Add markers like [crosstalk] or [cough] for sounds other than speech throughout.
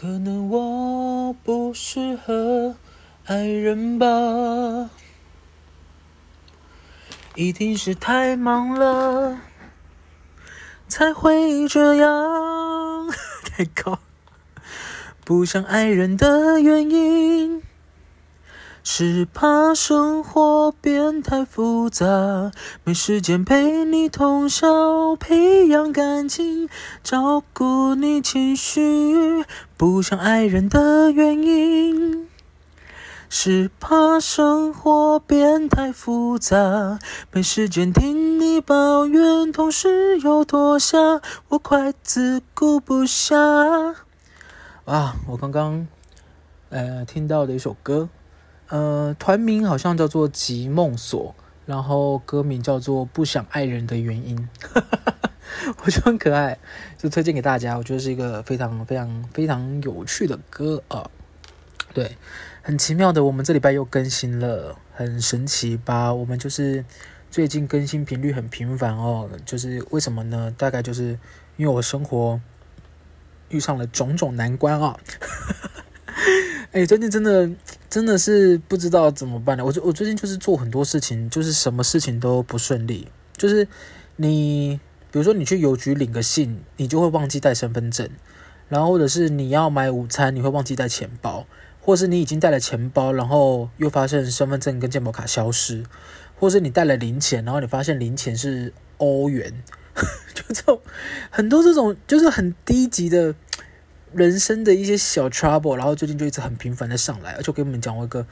可能我不適合愛人吧，一定是太忙了才會這樣。太高，不想愛人的原因。是怕生活變太複雜，沒時間陪你通宵培養感情，照顧你情緒。不想愛人的原因。是怕生活變太複雜，沒時間聽你抱怨，同時又多想，我快自顧不暇。啊，我剛剛呃聽到的一首歌。呃，團名好像叫做集夢所，然後歌名叫做《不想愛人的原因》，哈哈哈，我覺得很可愛，就推薦給大家。我覺得是一個非常非常非常有趣的歌啊！對，很奇妙的，我們這禮拜又更新了，很神奇吧？我們就是最近更新頻率很頻繁哦，就是為什麼呢？大概就是因為我生活遇上了種種難關啊、哦。 [laughs] 哎、欸，最近真的真的是不知道怎麼辦呢。我我最近就是做很多事情，就是什麼事情都不順利。就是你，比如說你去郵局領個信，你就會忘記帶身份證；然後或者是你要買午餐，你會忘記帶錢包；或是你已經帶了錢包，然後又發現身份證跟健保卡消失；或是你帶了零錢，然後你發現零錢是歐元。 [laughs] 就這種很多這種就是很低級的。人生的一些小 trouble，然後最近就一直很頻繁的上來，而且我給你們講我一個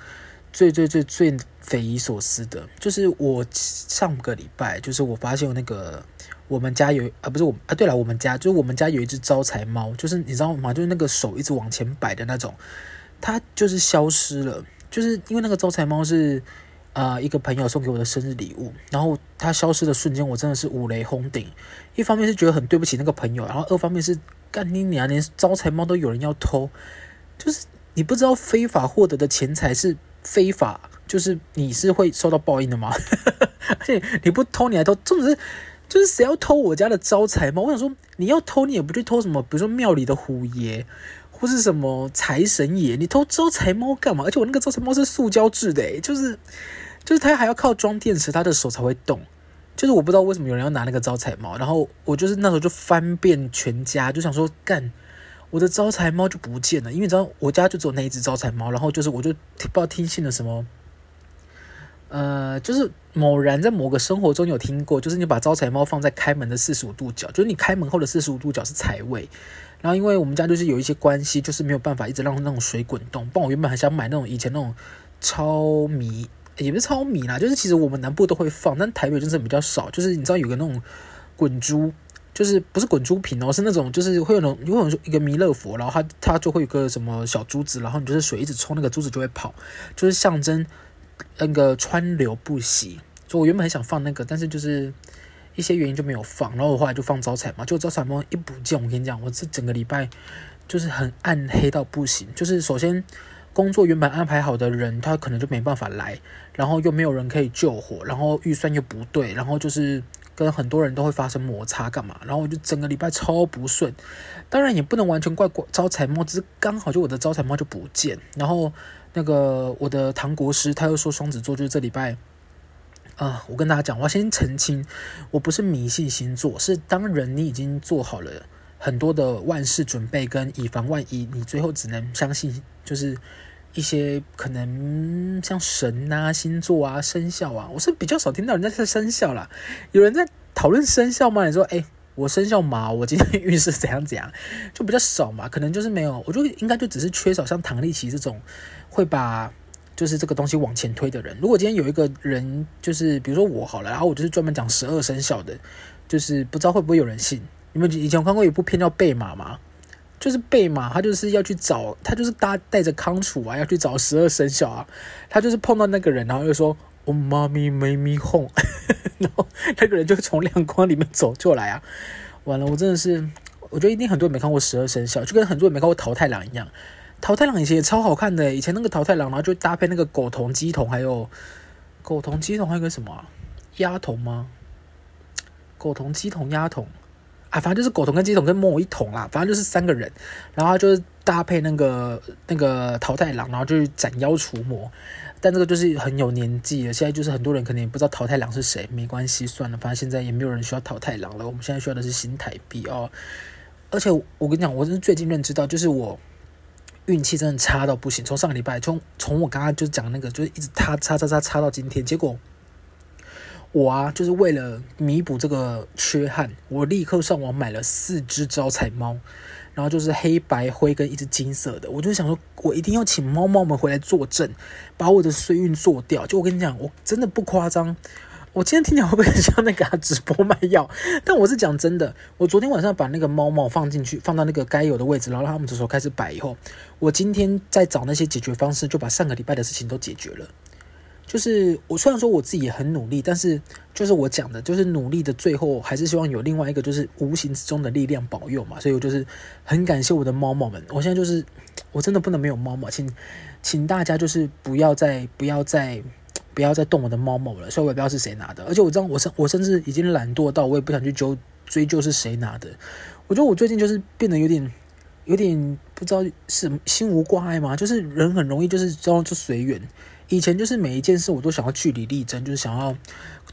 最最最最匪夷所思的，就是我上個禮拜，就是我發現那個我們家有啊，不是我啊，對了，我們家就是我們家有一隻招財貓，就是你知道嗎？就是那個手一直往前擺的那種，它就是消失了，就是因為那個招財貓是啊、呃、一個朋友送給我的生日禮物，然後它消失的瞬間，我真的是五雷轟頂，一方面是覺得很對不起那個朋友，然後二方面是。幹你娘！連招財貓都有人要偷，就是你不知道非法獲得的錢財是非法，就是你是會受到報應的嘛？而 [laughs] 且你不偷你還偷，這種是就是誰要偷我家的招財貓？我想說你要偷你也不去偷什麼，比如說廟裡的虎爺或是什麼財神爺，你偷招財貓幹嘛？而且我那個招財貓是塑膠製的欸，就是就是它還要靠裝電池，它的手才會動。就是我不知道為什麼有人要拿那個招財貓，然後我就是那時候就翻遍全家，就想說幹，我的招財貓就不見了，因為你知道我家就只有那一隻招財貓，然後就是我就不知道聽信了什麼，呃，就是某人在某個生活中有聽過，就是你把招財貓放在開門的四十五度角，就是你開門後的四十五度角是財位，然後因為我們家就是有一些關係，就是沒有辦法一直讓那種水滾動，不然我原本還想買那種以前那種超迷。也不是超迷啦，就是其實我們南部都會放，但台北就是比較少。就是你知道有個那種滾珠，就是不是滾珠瓶哦，是那種就是會有人會有一個彌勒佛，然後他他就會有個什麼小珠子，然後你就是水一直沖那個珠子就會跑，就是象徵那個川流不息。所以我原本很想放那個，但是就是一些原因就沒有放。然後我後來就放招財嘛，就招財貓一補見，我跟你講，我這整個禮拜就是很暗黑到不行。就是首先工作原本安排好的人，他可能就沒辦法來。然後又沒有人可以救火，然後預算又不對，然後就是跟很多人都會發生摩擦，幹嘛？然後就整個禮拜超不順，當然也不能完全怪、怪招財貓，只是剛好就我的招財貓就不見，然後那個我的唐國師他又說雙子座就是這禮拜啊，呃，我跟大家講，我要先澄清，我不是迷信星座，是當人你已經做好了很多的萬事準備跟以防萬一，你最後只能相信就是。一些可能像神啊、星座啊、生肖啊，我是比較少聽到人家說生肖啦，有人在討論生肖嘛，你說，哎、欸，我生肖馬，我今天運勢怎樣怎樣，就比較少嘛。可能就是沒有，我就應該就只是缺少像唐立淇這種會把就是這個東西往前推的人。如果今天有一個人，就是比如說我好了，然後我就是專門講十二生肖的，就是不知道會不會有人信。你們以前有看過一部片叫《貝馬》嗎？就是背嘛，他就是要去找，他就是搭帶着康楚啊，要去找十二生肖啊。他就是碰到那個人，然後又說：“我媽咪沒咪哄。”然後那個人就從亮光裡面走出來啊。完了，我真的是，我覺得一定很多人沒看過十二生肖，就跟很多人沒看過《桃太郎》一樣。桃太郎》以前也超好看的，以前那個桃太郎》，然後就搭配那個狗頭雞頭，還有狗頭雞頭還有個什麼鴨頭嗎？狗頭雞頭鴨頭。啊，反正就是狗桶跟雞桶跟貓一桶啦，反正就是三個人，然後就是搭配那個那個桃太郎，然後就是斬妖除魔。但這個就是很有年紀了，現在就是很多人可能也不知道桃太郎是誰，沒關係，算了，反正現在也沒有人需要桃太郎了。我們現在需要的是新台幣哦。而且我，我跟你講，我是最近認知到，就是我運氣真的差到不行。從上個禮拜，從從我剛剛就講那個，就是一直擦擦擦擦擦到今天，結果。我啊，就是為了彌補這個缺憾，我立刻上網買了四隻招財貓，然後就是黑白灰跟一隻金色的。我就想說，我一定要請貓貓們回來坐鎮，把我的衰運做掉。就我跟你講，我真的不誇張，我今天聽起來會不會像那個、啊、直播賣藥？但我是講真的，我昨天晚上把那個貓貓放進去，放到那個該有的位置，然後他們這時候開始擺以後，我今天在找那些解決方式，就把上個禮拜的事情都解決了。就是我雖然說我自己也很努力，但是就是我講的，就是努力的最後還是希望有另外一個就是無形之中的力量保佑嘛，所以我就是很感謝我的貓貓們。我現在就是我真的不能沒有貓貓，請請大家就是不要再不要再不要再動我的貓貓了。所以我也不知道是誰拿的，而且我知道我甚我甚至已經懶惰到我也不想去究追，追究是誰拿的。我覺得我最近就是變得有點有點不知道是心無掛礙嘛，就是人很容易就是之後就隨緣。以前就是每一件事我都想要據理力爭，就是想要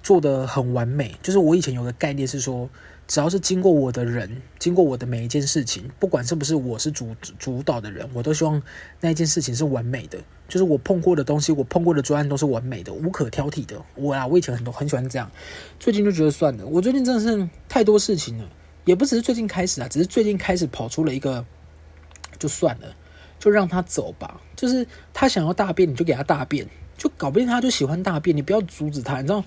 做的很完美。就是我以前有個概念，是說，只要是經過我的人，經過我的每一件事情，不管是不是我是主主導的人，我都希望那一件事情是完美的。就是我碰過的東西，我碰過的專案都是完美的，無可挑剔的。我啊，我以前很多很喜歡這樣，最近就覺得算了。我最近真的是太多事情了，也不只是最近開始啊，只是最近開始跑出了一個，就算了。就讓他走吧，就是他想要大便，你就給他大便，就搞不定他就喜歡大便，你不要阻止他，你知道，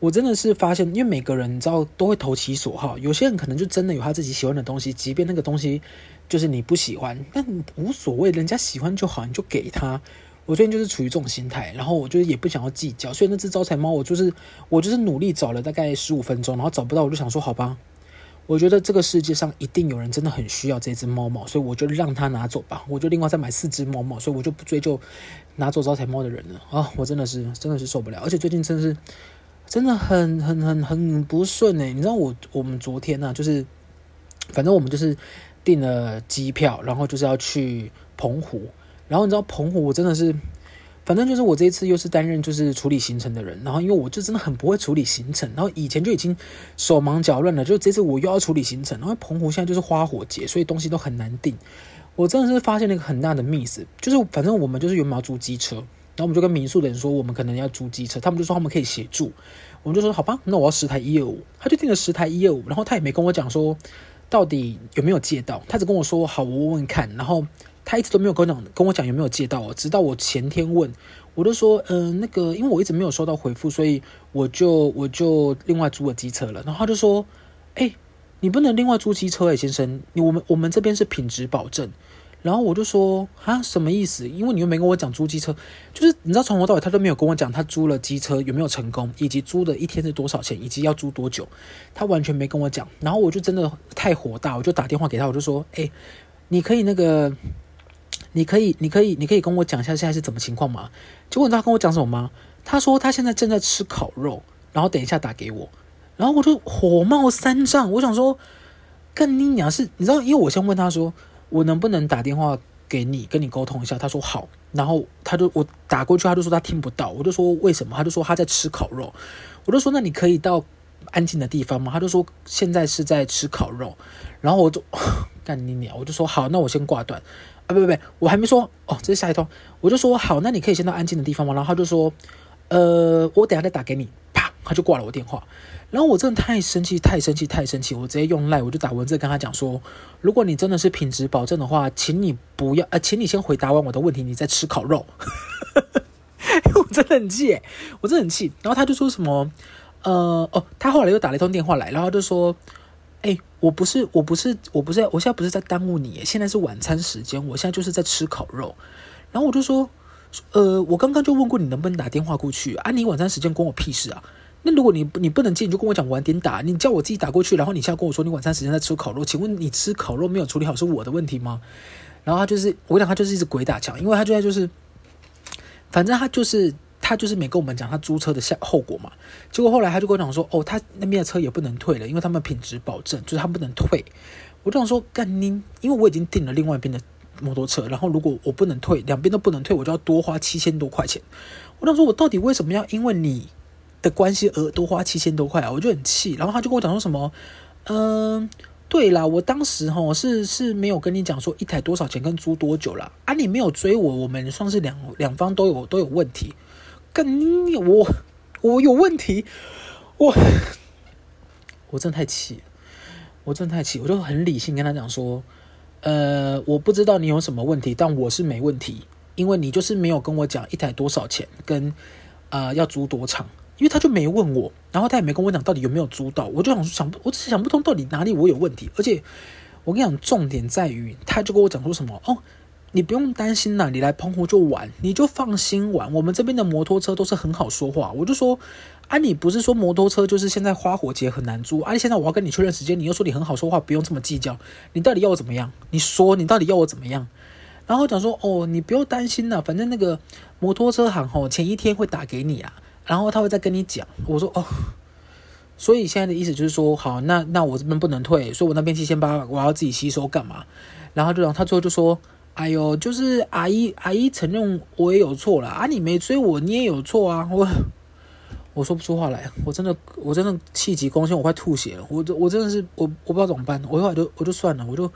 我真的是發現，因為每個人你知道都會投其所好，有些人可能就真的有他自己喜歡的東西，即便那個東西就是你不喜歡，但無所謂，人家喜歡就好，你就給他。我最近就是處於這種心態，然後我就是也不想要計較，所以那只招財貓，我就是我就是努力找了大概十五分鐘，然後找不到，我就想說好吧。我覺得這個世界上一定有人真的很需要這隻貓貓，所以我就讓他拿走吧。我就另外再買四隻貓貓，所以我就不追究拿走招財貓的人了啊！我真的是真的是受不了，而且最近真的是真的很很很很不順欸！你知道我我們昨天呢，就是反正我們就是訂了機票，然後就是要去澎湖，然後你知道澎湖我真的是。反正就是我這一次又是擔任就是處理行程的人，然後因為我就真的很不會處理行程，然後以前就已經手忙腳亂了，就這次我又要處理行程，然後澎湖現在就是花火節，所以東西都很難訂。我真的是發現了一個很大的 miss，就是反正我們就是原本要租機車，然後我們就跟民宿的人說我們可能要租機車，他們就說他們可以協助，我們就說好吧，那我要十台一二五，他就訂了十台一二五，然後他也沒跟我講說到底有沒有借到，他只跟我說好，我問問看，然後。他一直都沒有跟我講，跟我講有沒有借到。喔，直到我前天問，我就說，嗯，那個，因為我一直沒有收到回復，所以我就我就另外租了機車了。然後他就說，哎、欸，你不能另外租機車，欸，哎，先生，我們我們這邊是品質保證。然後我就說，啊，什麼意思？因為你又沒跟我講租機車，就是你知道從頭到尾他都沒有跟我講他租了機車有沒有成功，以及租的一天是多少錢，以及要租多久，他完全沒跟我講。然後我就真的太火大，我就打電話給他，我就說，哎、欸，你可以那個。你可以，你可以，你可以跟我講一下現在是怎麼情況嗎？結果你知道他跟我講什麼嗎？他說他現在正在吃烤肉，然後等一下打給我。然後我就火冒三丈，我想說幹你娘！是你知道，因為我先問他說我能不能打電話給你，跟你溝通一下，他說好，然後他就我打過去，他就說他聽不到，我就說，為什麼？他就說他在吃烤肉，我就說那你可以到安靜的地方嗎？他就說現在是在吃烤肉，然後我就幹你娘！我就說好，那我先掛斷。啊不不不，我還沒說哦，這是下一通，我就說好，那你可以先到安靜的地方嗎？然後他就說，呃，我等下再打給你。啪，他就掛了我電話。然後我真的太生氣，太生氣，太生氣，我直接用賴，我就打文字跟他講說，如果你真的是品質保證的話，請你不要，呃，請你先回答完我的問題，你再吃烤肉。 [laughs] 我真的很氣，我真的很氣。然後他就說什麼，呃，哦，他後來又打了一通電話來，然後就說。我不是，我不是，我不是，我現在不是在耽誤你。現在是晚餐時間，我現在就是在吃烤肉，然後我就說，呃，我剛剛就問過你能不能打電話過去啊？你晚餐時間關我屁事啊？那如果你你不能接，你就跟我講晚點打，你叫我自己打過去。然後你現在跟我說你晚餐時間在吃烤肉，請問你吃烤肉沒有處理好是我的問題嗎？然後他就是，我跟你講他就是一直鬼打牆，因為他就在就是，反正他就是。他就是沒跟我們講他租車的下後果嘛，結果後來他就跟我講說，哦，他那邊的車也不能退了，因為他們品質保證，就是他不能退。我就想說幹你，因為我已經訂了另外一邊的摩托車，然後如果我不能退，兩邊都不能退，我就要多花七千多塊錢。我就想說，我到底為什麼要因為你的關係而多花七千多塊啊？我就很氣。然後他就跟我講說什麼，嗯，對啦，我當時是是沒有跟你講說一台多少錢跟租多久啦，啊，你沒有追我，我們算是兩兩方都有都有問題。跟你我，我有問題，我，我真的太氣，我真的太氣，我就很理性跟他講說，呃，我不知道你有什麼問題，但我是沒問題，因為你就是沒有跟我講一台多少錢，跟啊、呃、要租多長，因為他就沒問我，然後他也沒跟我講到底有沒有租到，我就想想，我只是想不通到底哪裡我有問題，而且我跟你講，重點在於，他就跟我講說什麼哦。你不用擔心了啊，你來澎湖就玩，你就放心玩。我們這邊的摩托車都是很好說話，我就說，啊，你不是說摩托車就是現在花火節很難租啊？現在我要跟你確認時間，你又說你很好說話，不用這麼計較。你到底要我怎麼樣？你說你到底要我怎麼樣？然後講說，哦，你不用擔心了啊，反正那個摩托車行吼前一天會打給你啊，然後他會再跟你講。我說哦，所以現在的意思就是說，好，那那我這邊不能退，所以我那邊七千八，我要自己吸收幹嘛？然後就講，他最後就說。哎呦，就是阿姨，阿姨承認我也有錯了。啊，你沒追我，你也有錯啊！我我說不出話來，我真的，我真的氣急攻心，我快吐血了。我我真的是，我我不知道怎麼辦。我後來就我就算了，我就，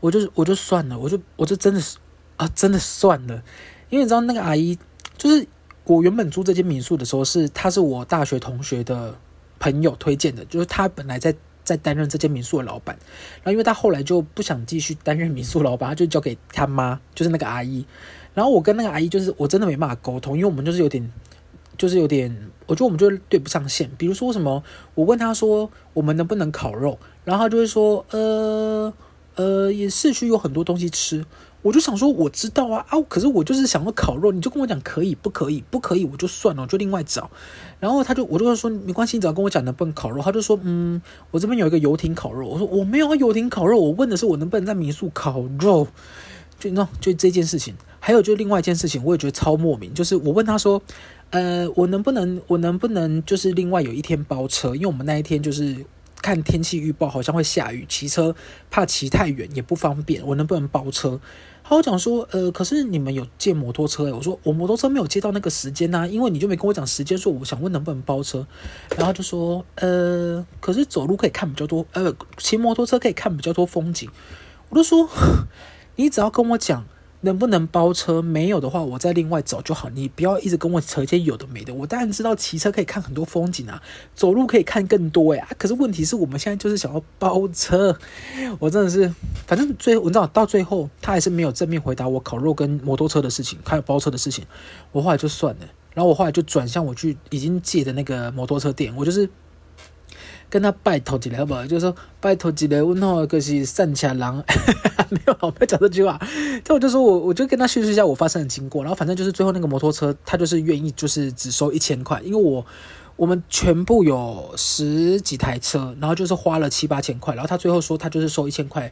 我就我就算了，我就我就真的是啊，真的算了。因為你知道那個阿姨，就是我原本住這間民宿的時候是，是她是我大學同學的朋友推薦的，就是她本來在。在擔任這間民宿的老闆，然後因為他後來就不想繼續擔任民宿老闆，他就交給他媽，就是那個阿姨。然後我跟那個阿姨就是我真的沒辦法溝通，因為我們就是有點，就是有點，我覺得我們就對不上線。比如說什麼，我問他說我們能不能烤肉，然後他就會說呃。呃，也市區有很多東西吃，我就想說我知道啊啊，可是我就是想要烤肉，你就跟我講可以不可以，不可以我就算了，就另外找。然後他就我就說沒關係，你只要跟我講能不能烤肉，他就說嗯，我這邊有一個遊艇烤肉。我說我沒有遊艇烤肉，我問的是我能不能在民宿烤肉，就那就這件事情。還有就另外一件事情，我也覺得超莫名，就是我問他說，呃，我能不能我能不能就是另外有一天包車，因為我們那一天就是。看天氣預報好像會下雨，騎車怕騎太遠也不方便，我能不能包車？他我講說，呃，可是你們有借摩托車，欸？我說我摩托車沒有借到那個時間啊，因為你就沒跟我講時間，所以我想問能不能包車，然後就說，呃，可是走路可以看比較多，呃，騎摩托車可以看比較多風景，我就說你只要跟我講。能不能包車？沒有的話，我再另外走就好。你不要一直跟我扯一些有的沒的。我當然知道騎車可以看很多風景啊，走路可以看更多呀。啊！可是問題是我們現在就是想要包車，我真的是，反正最後，我知道到最後他還是沒有正面回答我烤肉跟摩托車的事情，還有包車的事情。我後來就算了，然後我後來就轉向我去已經借的那個摩托車店，我就是。跟他拜託起來吧不？就說、是、拜託起來問那個是散赤人， [laughs] 沒有，好。我沒有講這句話。但我就說我，我就跟他敘述一下我發生的經過，然後反正就是最後那個摩托車，他就是願意，就是只收一千塊，因為我我們全部有十幾台車，然後就是花了七八千塊，然後他最後說他就是收一千塊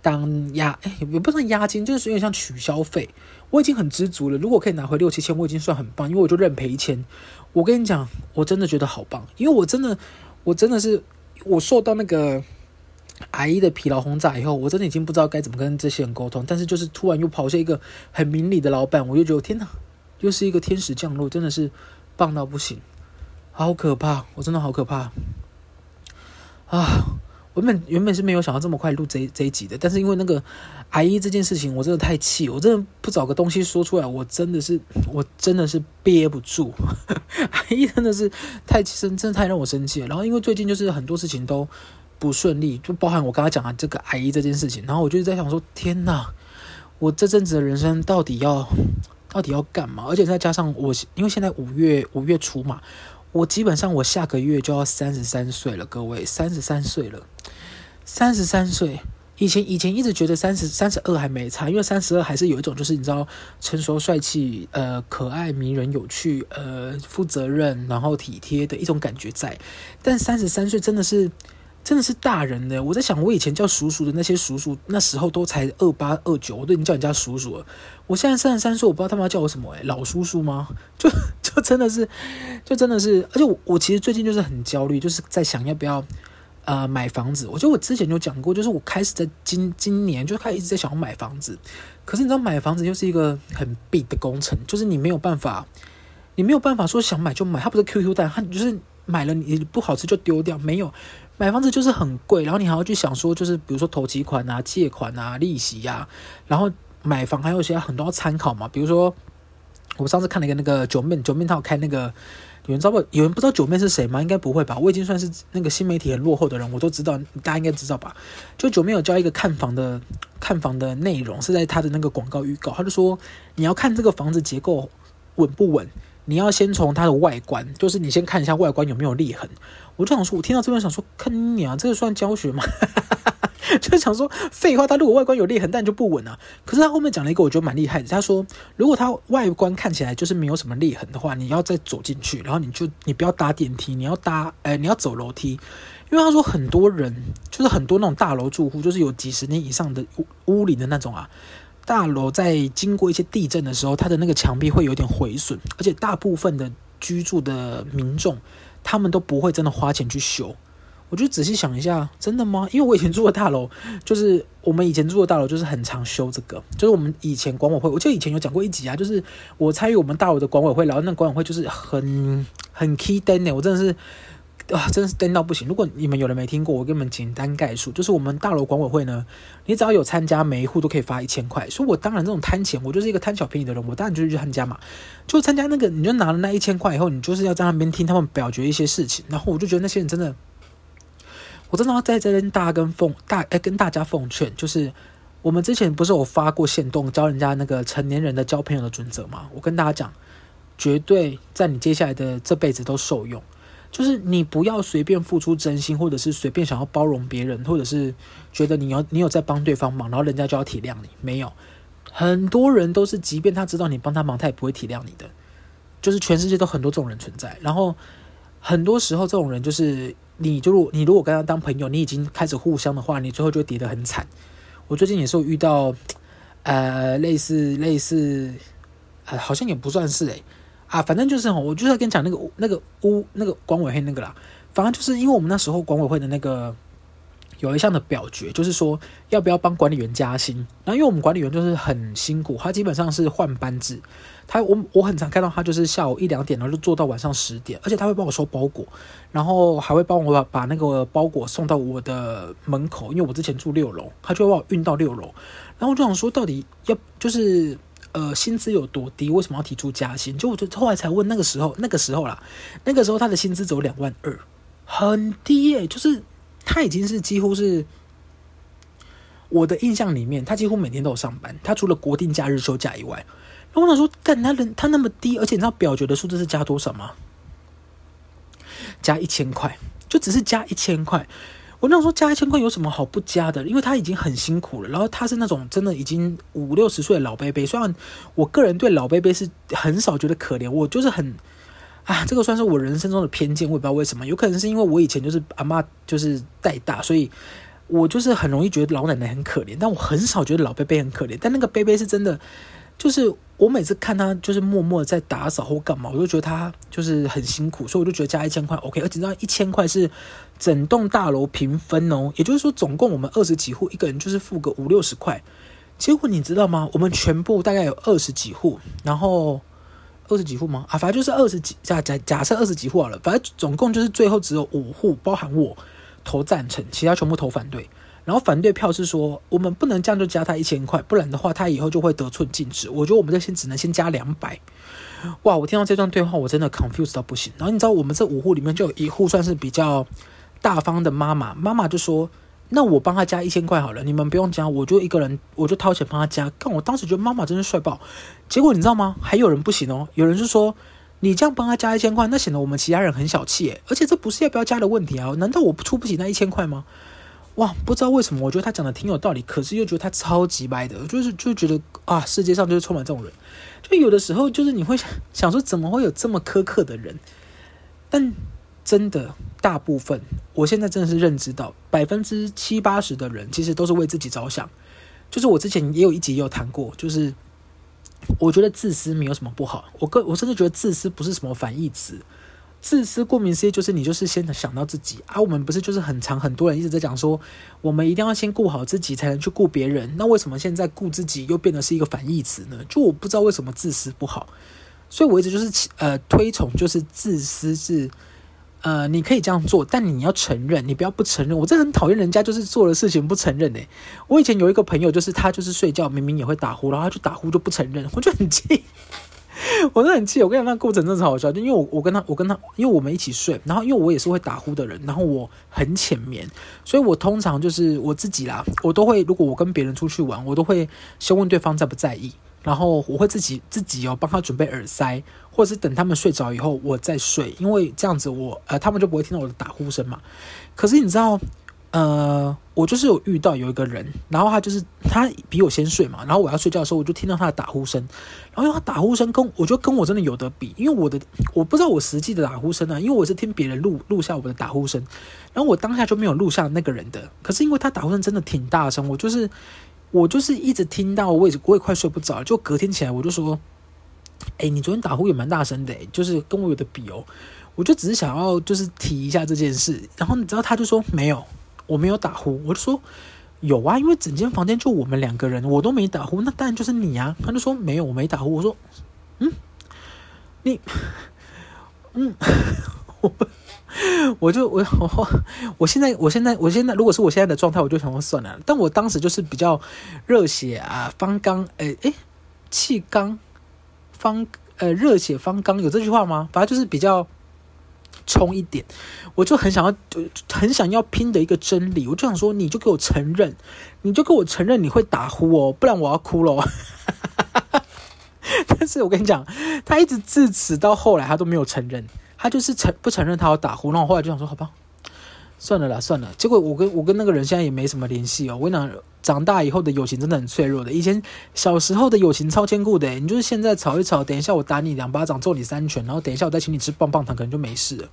當押，哎、欸，也不算押金，就是有點像取消費。我已經很知足了，如果可以拿回六七千，我已經算很棒，因為我就認賠一千。我跟你講，我真的覺得好棒，因為我真的。我真的是，我受到那個阿姨的疲勞轟炸以後，我真的已經不知道該怎麼跟這些人溝通。但是就是突然又跑下一個很明理的老闆，我就覺得天哪，又是一個天使降落，真的是棒到不行，好可怕，我真的好可怕啊！我原本原本是沒有想到這麼快錄這一這一集的，但是因為那個。阿姨這件事情我真的太氣，我真的不找個東西說出來，我真的是，我真的是憋不住。 [laughs] 阿姨真的是太，真真的太讓我生氣了。然後因為最近就是很多事情都不順利，就包含我剛才講的這個阿姨這件事情。然後我就在想說，天哪，我這陣子的人生到底要，到底要幹嘛？而且再加上我，因為現在五月五月初嘛，我基本上我下個月就要三十三歲了，各位三十三歲了，三十三歲。以前以前一直覺得三十三十二還沒差，因為三十二還是有一種就是你知道成熟帥氣呃可愛迷人有趣呃負責任然後體貼的一種感覺在，但三十三歲真的是真的是大人的。我在想，我以前叫叔叔的那些叔叔那時候都才二八二九，我都已經叫人家叔叔了。我現在三十三歲，我不知道他媽叫我什麼哎，老叔叔嗎？就就真的是，就真的是，而且我我其實最近就是很焦慮，就是在想要不要。呃，買房子，我覺得我之前就講過，就是我開始在今今年就開始一直在想要買房子，可是你知道買房子又是一個很 big 的工程，就是你沒有辦法，你沒有辦法說想買就買，它不是 QQ 彈，它就是買了你不好吃就丟掉，沒有買房子就是很貴，然後你還要去想說，就是比如說頭期款啊、借款啊、利息呀、啊，然後買房還有一些、啊、很多要參考嘛，比如說我上次看了一個那個卷面、卷面他有開那個。有人知道不？有人不知道九妹是誰嗎？應該不會吧。我已經算是那個新媒體很落後的人，我都知道，大家應該知道吧。就九妹有教一個看房的看房的內容，是在他的那個廣告預告，他就說你要看這個房子結構穩不穩，你要先從它的外觀，就是你先看一下外觀有沒有裂痕。我就想說，我聽到這邊想說，坑你啊！這個算教學嗎？哈哈哈。就想說廢話，他如果外觀有裂痕，但就不穩了啊。可是他後面講了一個我覺得蠻厲害的，他說如果他外觀看起來就是沒有什麼裂痕的話，你要再走進去，然後你就你不要搭電梯，你要搭哎、欸、你要走樓梯，因為他說很多人就是很多那種大樓住戶，就是有幾十年以上的屋屋裡的那種啊，大樓在經過一些地震的時候，它的那個牆壁會有點毀損，而且大部分的居住的民眾他們都不會真的花錢去修。我就仔細想一下，真的嗎？因為我以前住的大樓，就是我們以前住的大樓，就是很常修這個。就是我們以前管委會，我記得以前有講過一集啊，就是我參與我們大樓的管委會，然後那管委會就是很很 key den、欸、我真的是啊，真的是顛到不行。如果你們有人沒聽過，我給你們簡單概述，就是我們大樓管委會呢，你只要有參加，每一戶都可以發一千塊。所以我當然這種貪錢，我就是一個貪小便宜的人，我當然就去參加嘛。就參加那個，你就拿了那一千塊以後，你就是要在那邊聽他們表決一些事情。然後我就覺得那些人真的。我真的要在這邊大家跟奉大、欸、跟大家奉勸，就是我們之前不是有發過限動，教人家那個成年人的交朋友的準則嗎？我跟大家講，絕對在你接下來的這輩子都受用。就是你不要隨便付出真心，或者是隨便想要包容別人，或者是覺得你要你有在幫對方忙，然後人家就要體諒你。沒有，很多人都是，即便他知道你幫他忙，他也不會體諒你的。就是全世界都很多這種人存在，然後很多時候這種人就是。你就如你如果跟他當朋友，你已經開始互相的話，你最後就會跌得很慘。我最近也是遇到，呃，類似類似，呃，好像也不算是誒、欸、啊，反正就是我就是要跟你講那個那個屋那個管委會那個啦。反正就是因為我們那時候管委會的那個有一項的表決，就是說要不要幫管理員加薪。然後因為我們管理員就是很辛苦，他基本上是換班制。他我我很常看到他就是下午一兩點，然後就做到晚上十點，而且他會幫我收包裹，然後還會幫我把把那個包裹送到我的門口，因為我之前住六樓，他就會把我運到六樓，然後我就想說到底要就是呃薪資有多低，為什麼要提出加薪？就我就後來才問那個時候那個時候啦，那個時候他的薪資只有兩萬二，很低耶，就是他已經是幾乎是我的印象裡面，他幾乎每天都有上班，他除了國定假日休假以外。我想說，但他人他那麼低，而且你知道表決的數字是加多少嗎？加一千塊，就只是加一千塊。我想說，加一千塊有什麼好不加的？因為他已經很辛苦了。然後他是那種真的已經五六十歲的老伯伯。雖然我個人對老伯伯是很少覺得可憐，我就是很啊，這個算是我人生中的偏見，我也不知道為什麼。有可能是因為我以前就是阿嬤就是帶大，所以我就是很容易覺得老奶奶很可憐，但我很少覺得老伯伯很可憐。但那個伯伯是真的。就是我每次看他就是默默在打掃或幹嘛，我就覺得他就是很辛苦，所以我就覺得加一千塊 OK。而且那一千塊是整棟大樓平分哦，也就是說總共我們二十幾戶，一個人就是付個五六十塊。結果你知道嗎？我們全部大概有二十幾戶，然後二十幾戶嗎？啊，反正就是二十幾，假假假設二十幾戶好了，反正總共就是最後只有五戶包含我投贊成，其他全部投反對。然後反對票是說，我們不能這樣就加他一千塊，不然的話他以後就會得寸進尺。我覺得我們這先只能先加兩百。哇，我聽到這段對話我真的 confused 到不行。然後你知道我們這五戶裡面就有一戶算是比較大方的媽媽，媽媽就說：“那我幫他加一千塊好了，你們不用加，我就一個人我就掏錢幫他加。”但我當時覺得媽媽真是帥爆。結果你知道嗎？還有人不行哦，有人就說：“你這樣幫他加一千塊，那顯得我們其他人很小氣耶。”而且這不是要不要加的問題啊，難道我出不起那一千塊嗎？哇，不知道為什麼，我覺得他講的挺有道理，可是又覺得他超級歪的，就是就覺得啊，世界上就是充滿這種人，就有的時候就是你會想，想說，怎麼會有這麼苛刻的人？但真的，大部分，我現在真的是認知到，百分之七八十的人其實都是為自己着想。就是我之前也有一集也有談過，就是我覺得自私沒有什麼不好，我個我甚至覺得自私不是什麼反義詞。自私顧名思義就是你就是先想到自己啊，我們不是就是很常很多人一直在講說，我們一定要先顧好自己才能去顧別人，那為什麼現在顧自己又變得是一個反義詞呢？就我不知道為什麼自私不好，所以我一直就是呃推崇就是自私是呃你可以這樣做，但你要承認，你不要不承認。我真的很討厭人家就是做的事情不承認誒、欸，我以前有一個朋友就是他就是睡覺明明也會打呼，然後他就打呼就不承認，我就很氣。我真的很氣，我跟你講，那個、過程真的好笑，就因為我我跟他我跟他，因為我們一起睡，然後因為我也是會打呼的人，然後我很淺眠，所以我通常就是我自己啦，我都會如果我跟別人出去玩，我都會先問對方在不在意，然後我會自己自己哦、喔、幫他準備耳塞，或者是等他們睡着以後我再睡，因為這樣子我呃他們就不會聽到我的打呼聲嘛。可是你知道？呃，我就是有遇到有一個人，然後他就是他比我先睡嘛，然後我要睡覺的時候，我就聽到他的打呼聲，然後他打呼聲跟我就跟我真的有得比，因為我的我不知道我實際的打呼聲啊，因為我是聽別人錄錄下我的打呼聲，然後我當下就沒有錄下那個人的，可是因為他打呼聲真的挺大聲，我就是我就是一直聽到，我也我也快睡不着，就隔天起來我就說，哎、欸，你昨天打呼也蠻大聲的、欸，就是跟我有得比哦，我就只是想要就是提一下這件事，然後你知道他就說沒有。我沒有打呼，我就說有啊，因為整間房間就我們兩個人，我都沒打呼，那當然就是你啊。他就說沒有，我沒打呼。我說嗯，你嗯，我我就我我我現在我現在我現在如果是我現在的狀態，我就想說算了。但我當時就是比較熱血啊，方剛誒誒，氣剛，方呃熱血方剛有這句話嗎？反正就是比較。衝一點，我就很想要，就很想要拼的一個真理。我就想說，你就給我承認，你就給我承認你會打呼哦，不然我要哭了。 [laughs] 但是我跟你講，他一直至此到後來，他都沒有承認，他就是承不承認他要打呼。然後我後來就想說，好吧，算了啦，算了。結果我跟我跟那個人現在也沒什麼聯繫哦，為難。長大以後的友情真的很脆弱的，以前小時候的友情超堅固的，欸。你就是現在吵一吵，等一下我打你兩巴掌，揍你三拳，然後等一下我再請你吃棒棒糖，可能就沒事了。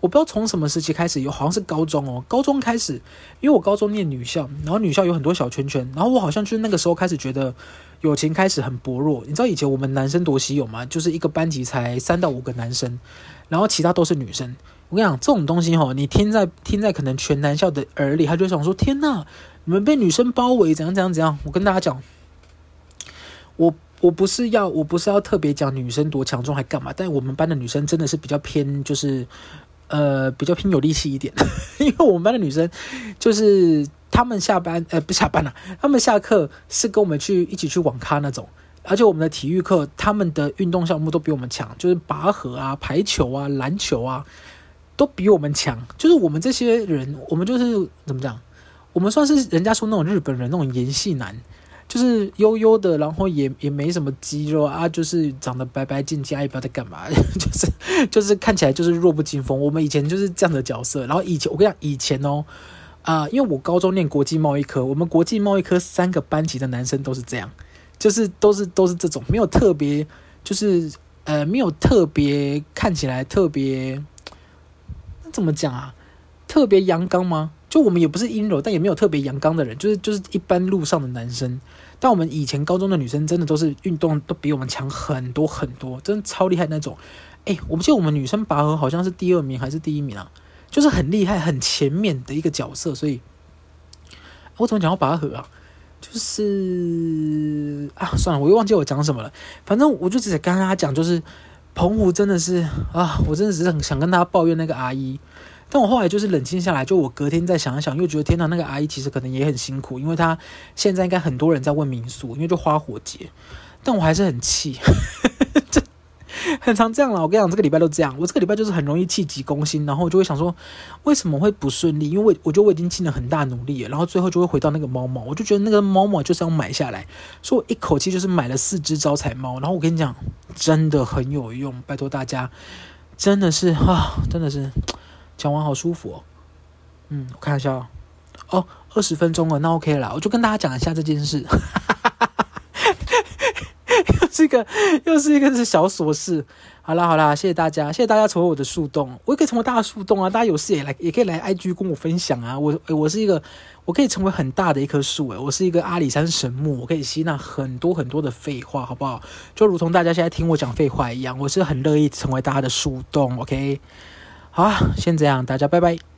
我不知道從什麼時期開始有，好像是高中哦，喔。高中開始，因為我高中念女校，然後女校有很多小圈圈，然後我好像就是那個時候開始覺得友情開始很薄弱。你知道以前我們男生多稀有嗎？就是一個班級才三到五個男生，然後其他都是女生。我跟你講，這種東西吼，喔，你聽在，聽在可能全男校的耳裡，他就想說：天吶！我們被女生包圍，怎樣怎樣怎樣？我跟大家講，我我不是要，我不是要特別講女生多強壯還幹嘛？但我們班的女生真的是比較偏，就是呃比較偏有力氣一點。 [laughs] 因為我們班的女生，就是他們下班呃不下班了，啊，他們下課是跟我們去一起去網咖那種。而且我們的體育課，他們的運動項目都比我們強，就是拔河啊、排球啊、籃球啊，都比我們強。就是我們這些人，我們就是怎麼講？我們算是人家說那種，日本人那種鹽系男，就是悠悠的，然後也也沒什麼肌肉啊，就是長得白白淨淨，啊，也不知道在幹嘛，就是就是看起來就是弱不禁風。我們以前就是這樣的角色，然後以前我跟你講，以前哦，啊，呃，因為我高中念國際貿易科，我們國際貿易科三個班級的男生都是這樣，就是都是都是這種，沒有特別，就是呃，沒有特別看起來特別，怎麼講啊？特別陽剛嗎？就我們也不是陰柔，但也沒有特別陽剛的人，就是就是一般路上的男生。但我們以前高中的女生真的都是運動都比我們強很多很多，真的超厲害那種。哎、欸，我不記得我們女生拔河好像是第二名還是第一名啊，就是很厲害、很前面的一個角色。所以，啊，我怎麼講到拔河啊？就是啊，算了，我又忘記我講什麼了。反正我就只是跟他講，就是澎湖真的是啊，我真的只是很想跟他抱怨那個阿姨。但我後來就是冷靜下來，就我隔天再想一想，又覺得天哪，那個阿姨其實可能也很辛苦，因為她現在應該很多人在問民宿，因為就花火節。但我還是很氣，這 [laughs] 很常這樣了。我跟你講，這個禮拜都這樣。我這個禮拜就是很容易氣急攻心，然後我就會想說，為什麼會不順利？因為我，我我覺得我已經盡了很大努力了，然後最後就會回到那個貓貓。我就覺得那個貓貓就是要買下來，所以我一口氣就是買了四隻招財貓。然後我跟你講，真的很有用，拜托大家，真的是啊，真的是。講完好舒服哦，嗯，我看一下，哦，二十分鐘了，那 OK 了，我就跟大家講一下這件事， [laughs] 又是一個又是一個是小瑣事，好啦好啦，謝謝大家，謝謝大家成為我的樹洞，我也可以成為大的樹洞啊，大家有事也來也可以來 IG 跟我分享啊，我、欸、我是一個，我可以成為很大的一棵樹、欸、我是一個阿里山神木，我可以吸納很多很多的廢話，好不好？就如同大家現在聽我講廢話一樣，我是很樂意成為大家的樹洞，OK。好啊，先這樣，大家拜拜。